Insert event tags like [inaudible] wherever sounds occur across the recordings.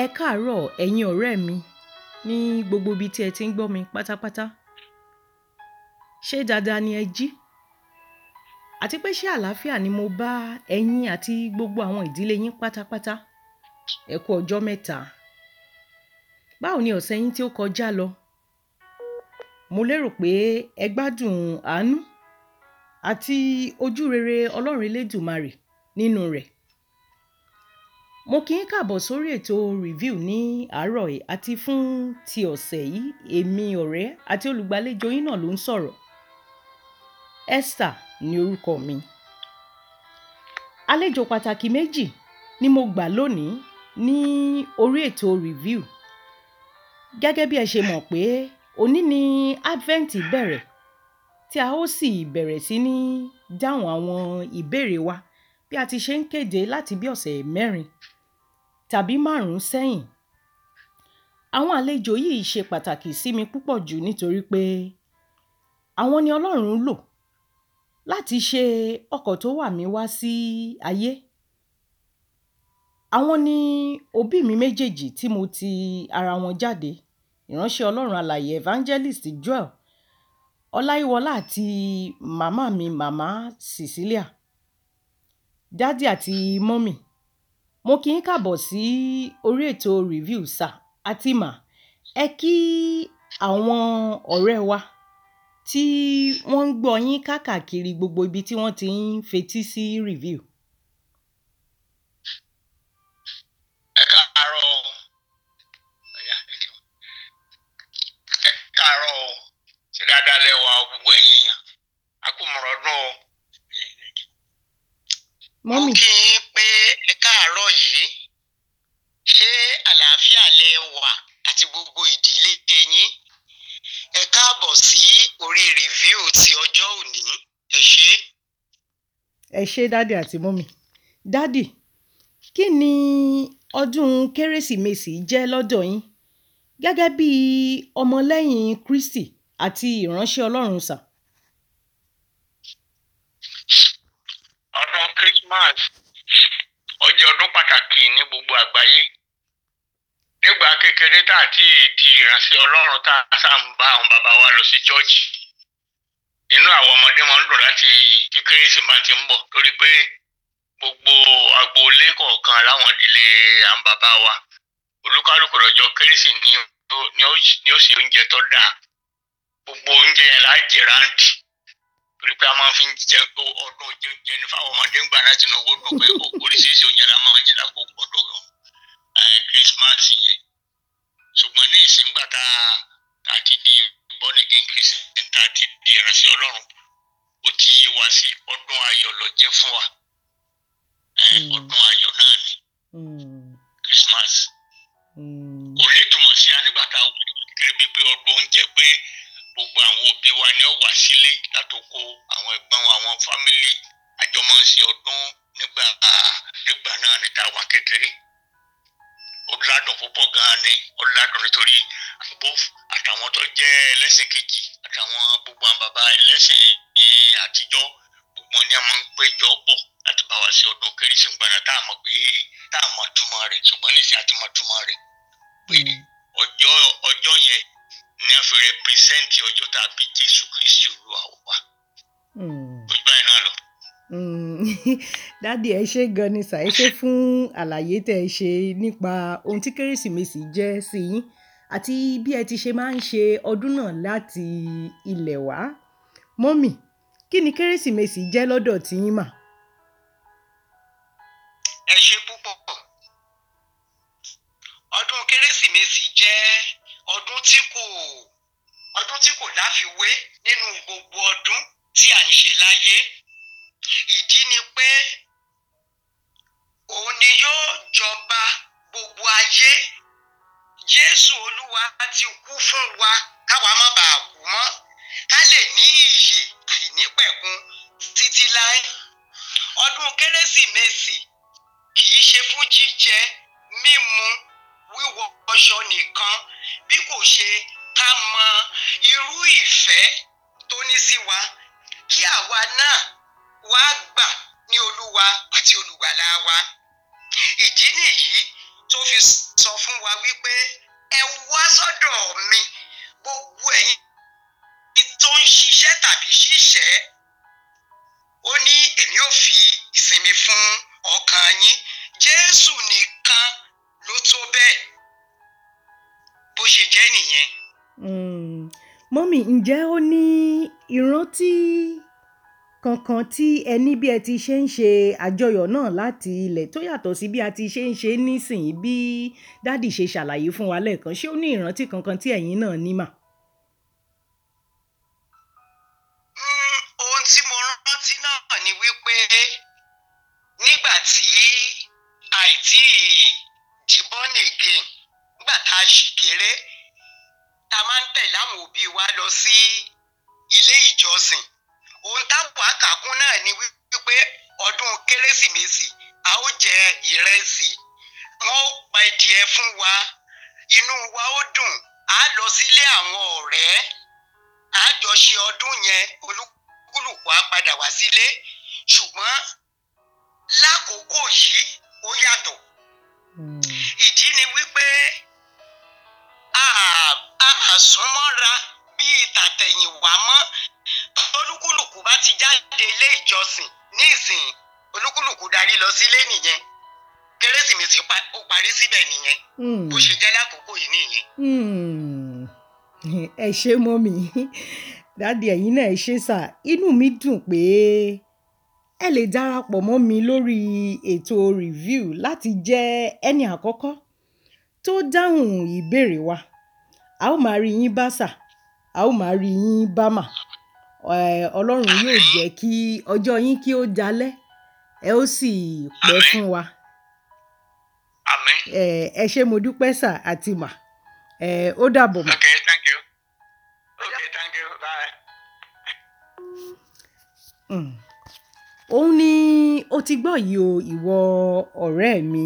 Ẹ káàárọ̀ ẹ̀yin ọ̀rẹ́ mi ní gbogbo ibi tí ẹ ti ń gbọ́ mi pátápátá. Ṣé dáadáa ni ẹ jí? Àti pé ṣé àlàáfíà ni mo bá ẹ̀yin àti gbogbo àwọn ìdílé yín pátápátá? Ẹ kú ọjọ́ mẹ́ta. Báwo ni ọ̀sẹ̀ yín tí ó kọjá lọ? Mo lérò pé ẹ gbádùn àánú àti ojú rere Ọlọ́run Elédùmarè nínú rẹ̀. Mo kì í káàbọ̀ sórí ètò review ní àárọ̀ yìí àti fún ti ọ̀sẹ̀ yìí. Èmi ọ̀rẹ́ àti olùgbàlejò yín náà ló ń sọ̀rọ̀. Esther ni orúkọ mi. Àlejò pàtàkì méjì ni mo gbà lónìí ní orí ètò review. Gẹ́gẹ́ bí ẹ ṣe mọ̀ pé òní ni Advent bẹ̀rẹ̀ tí a ó sì bẹ̀rẹ̀ sí ní dáhùn àwọn ìbéèrè wa bí a ti ṣe ń kéde láti bí ọ̀sẹ̀ mẹ́rin tàbí márùn-ún sẹ́yìn. Àwọn àlejò yìí ṣe pàtàkì sí mi púpọ̀ jù nítorí pé àwọn ni Ọlọ́run lò láti ṣe ọkọ̀ tó wà mí wá sí ayé. Àwọn ni òbí mi méjèèjì tí mo ti ara wọn jáde. Ìránṣẹ́ Ọlọ́run alààyè Evangelist Joel Ọláyíwọlá àti màmá mi, màmá Cecilia, dádì àti mọ́mì mo kì yín káàbọ̀ sí orí ètò review sa, àti ma ẹ kí àwọn ọ̀rẹ́ wa tí wọ́n ń gbọ́ yín káàkiri gbogbo ibi tí wọ́n ti ń fetí sí review. ẹ káàárọ̀ o ẹ káàárọ̀ o ṣe dáadáa lẹ́wà ti ọjọ́ òní ẹ ṣé. ẹ ṣé dádì àti mọ́mì dádì kí ni ọdún kérésìmesì jẹ́ lọ́dọ̀ yín gẹ́gẹ́ bí ọmọlẹ́yìn kristi àti ìránṣẹ́ ọlọ́run sà. ọdún christmas ó jẹ́ ọdún pàtàkì ní gbogbo àgbáyé nígbà kékeré tá àti èdè ìránṣẹ́ ọlọ́run tá a sáà ń bá àwọn bàbá wa lọ sí chọ́ọ̀chì inú àwọn ọmọdé máa ń dùn láti kí kérésìmesì ń bọ̀ torí pé gbogbo agboolé kọ̀ọ̀kan láwọn ìdílé à ń bàbá wa olúkálùkù lọ́jọ́ kérésì ni ó sì oúnjẹ tó dáa gbogbo oúnjẹ yẹn láàjẹ ráǹdì torí pé a máa fi ń jẹ ọdún oúnjẹ ní fáwọn ọmọdé ń gbà láti nà owó dùn pé oríṣiríṣi oúnjẹ la máa ń jẹ lápò gbọ́dọ̀ eh, kírísímàsì yẹn ṣùgbọ́n ní ìsìngbà tá a ti di born again christian tá a ti di ìránṣẹ́ ọlọ́run ó ti yé wa sí ọdún ayọ̀ ló fún wa hmm. ọdún ayọ̀ náà ni hmm. christmas hmm. kò ní túmọ̀ sí anígbà tá a wù kékeré bíi pé ọdún oúnjẹ pé gbogbo àwọn òbí wa ni ó wà sílé látòkò àwọn ẹ̀gbọ́n wa àwọn fámìlì àjọmọ̀ ń ṣe ọdún nígbà nígbà náà ni tá a wà kékeré ó ládùn púpọ̀ gan-an ni ó ládùn nítorí àbófin àwọn tó jẹ́ ẹlẹ́sìn kejì àtàwọn gbogbo àwọn bàbá ẹlẹ́sìn ní àtijọ́ gbogbo ni a máa ń péjọ pọ̀ láti bá wa ṣe ọdún kérésìmesì gbàdá tá a mọ̀ pé tá a mọ̀ túmọ̀ rẹ̀ ṣùgbọ́n nísìnyí a ti mọ̀ túmọ̀ rẹ̀ pé hmm. ọjọ́ ọjọ́ yẹn ní a fi rẹpírẹsẹ́ǹtì ọjọ́ tá a bí Jésù Kristi Olúwa wa. gbogbo hmm. ẹ̀ náà lọ. Hmm. [laughs] dádì ẹ ṣé gan ni sà fún àlàyé tẹ ṣe nípa ohun tí kérésìmesì jẹ́ sí yín. Si àti bí ẹ ti ṣe máa ń ṣe ọdún náà láti ilẹ̀ wá. Mummy, kí ni Kérésìmesì jẹ́ lọ́dọ̀ tí yín mà? Ẹ ṣé púpọ̀. Ọdún Kérésìmesì jẹ́ ọdún tí kò, ọdún tí kò láfiwé nínú gbogbo ọdún tí à ń ṣe láyé. Ìdí ni pé òun ni yóò jọba gbogbo ayé jésù olúwa ti kú fún wa káwa má bàa kú mọ́ ká lè ní iyè àìnípẹ̀kun títí láé ọdún kérésìmesì kì í ṣe fún jíjẹ mímu wíwọ ọṣọ nìkan bí kò ṣe ká mọ irú ìfẹ́ tó ní sí wa kí àwa náà wá gbà ní olúwa àti olùgbàlà wa ìdí nìyí tó fi sọ fún wa wípé ẹ wá sọ́dọ̀ mi gbogbo ẹ̀yin tó ń ṣiṣẹ́ tàbí ṣiṣẹ́ ó ní èmi ò fi ìsinmi fún ọkàn yín Jésù nìkan ló tó bẹ́ẹ̀ bó ṣe jẹ́ nìyẹn. Hmm. mọ́mì ǹjẹ́ ó ní ìrántí kankan tí ẹ ní bí ẹ ti ṣe ń ṣe àjọyọ̀ náà láti ilẹ̀ tó yàtọ̀ sí bí a ti ṣe ń ṣe nísìnyí bí dádì ṣe ṣàlàyé fún wa lẹ́ẹ̀kan. Ṣé ó ní ìrántí kankan tí ẹ̀yin náà ní mà? Hmm, ohun tí mo rántí náà ni wípé nígbà tí àìtí di born again, nígbà tá a ṣì kéré, ta máa ń tẹ̀lé àwọn òbí wa lọ sí ilé ìjọsìn. Ohun táwọn wàá kà kún náà ni wípé ọdún kérésìmesì a ó jẹ ìrẹsì wọn ó pa ẹdìẹ fún wa inú wa ó dùn a lọ sílé àwọn ọ̀rẹ́ a jọ ṣe ọdún yẹn olúkúlùkù á padà wá sílé ṣùgbọ́n lákòókò yìí ó yàtọ̀ ìdí ni wípé a a súnmọ́ra bíi tàtẹ̀yìnwá mọ́ olúkúlùkù bá ti jáde ilé ìjọsìn ní ìsìn olúkúlùkù darí lọ sílé nìyẹn kérésìmesì ó parí síbẹ̀ nìyẹn hmm. bó ṣe jẹ́ lákòókò yìí nìyẹn. Hmm. ẹ ṣe mọ́ mi dáàdi ẹ̀yin náà ẹ ṣe sà inú mi dùn pé ẹ lè darapọ̀ mọ́ mi lórí ètò review láti jẹ́ ẹni àkọ́kọ́ tó dáhùn ìbéèrè wa a ó máa rí yín bá sà a ó máa rí yín bá mà. Ọlọ́run yóò jẹ́ kí ọjọ́ yín kí ó jalẹ́, ẹ ó sì pẹ́ fún wa. Eh, ẹ ṣé mo dúpẹ́ sir àti má. Eh, ó dàbọ̀ má. Okay, thank you. Okay, thank you. Bye. Hmm. Òun ni o ti gbọ́ yìí o, ìwọ ọ̀rẹ́ mi.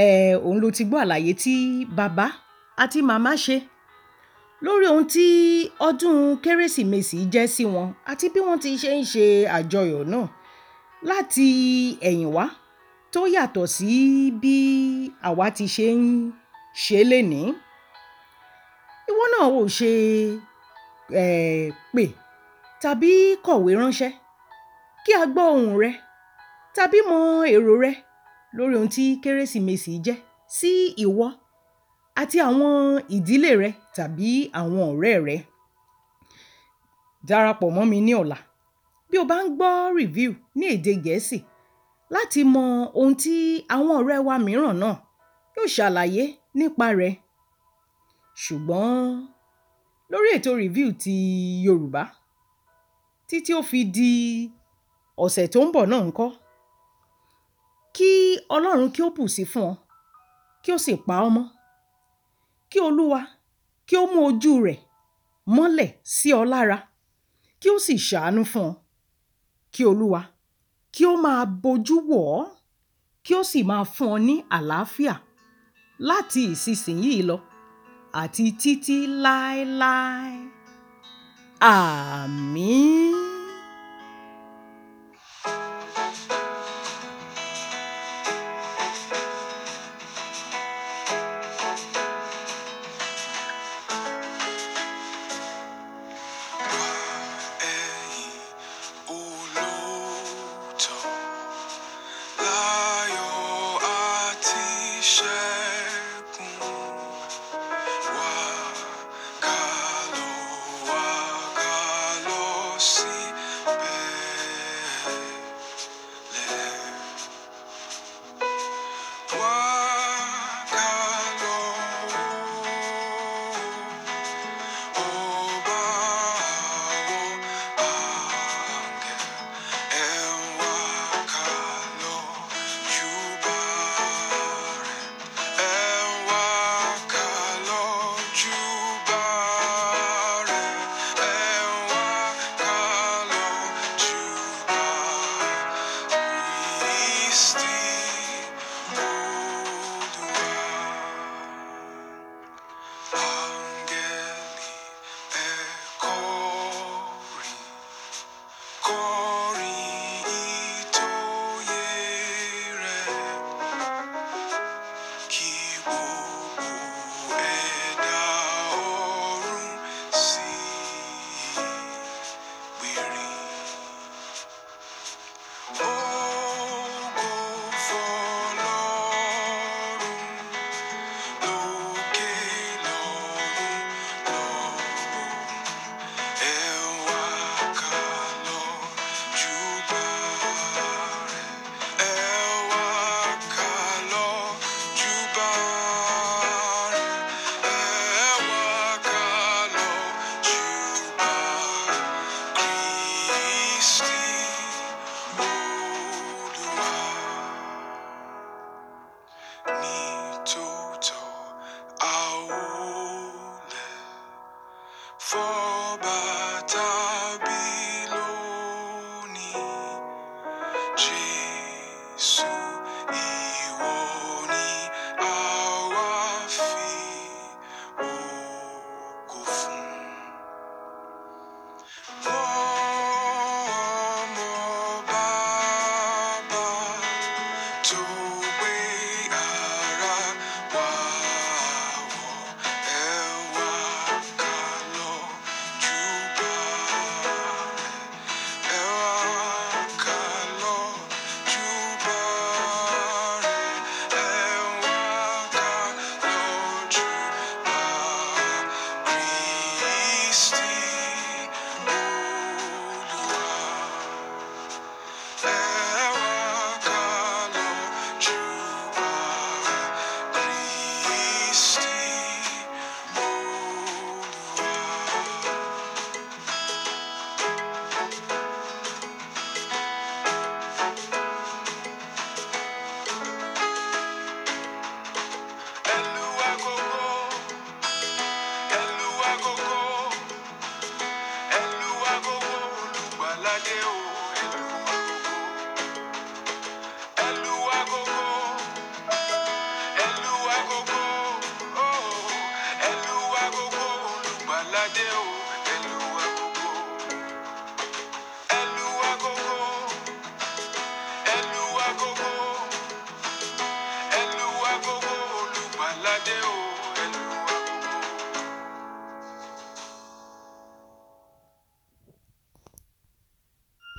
Eh, òun lo ti gbọ́ àlàyé tí bàbá àti màmá ṣe lórí ohun tí ọdún Kérésìmesì jẹ́ sí wọn àti bí wọ́n ti ṣe ń ṣe àjọyọ̀ náà láti ẹ̀yìn wá tó yàtọ̀ sí bí àwa ti ṣe ń ṣe lénìí. Ìwọ náà ò ṣe eh, pè tàbí kọ̀wé ránṣẹ́ kí a gbọ́ ohùn rẹ tàbí mọ èrò rẹ lórí ohun tí Kérésìmesì jẹ́ sí ìwọ àti àwọn ìdílé rẹ tàbí àwọn ọ̀rẹ́ rẹ. Darapọ̀ mọ́ mi ní ọ̀la bí o bá ń gbọ́ review ní èdè Gẹ̀ẹ́sì láti mọ ohun tí àwọn ọ̀rẹ́ wa mìíràn náà yóò ṣàlàyé nípa rẹ̀. Ṣùgbọ́n lórí ètò review ti Yorùbá títí ó fi di ọ̀sẹ̀ tó ń bọ̀ náà ńkọ́. Kí Ọlọ́run kí ó bùsí fún ọ, kí ó sì pa ọ́ mọ́ kí Olúwa kí ó mú ojú rẹ̀ mọ́lẹ̀ sí ọ lára kí ó sì ṣàánú fún ọ kí Olúwa kí ó máa bojú wò ọ́ kí ó sì máa fún ọ ní àlàáfíà láti ìsinsìnyí lọ àti títí láéláé àmín.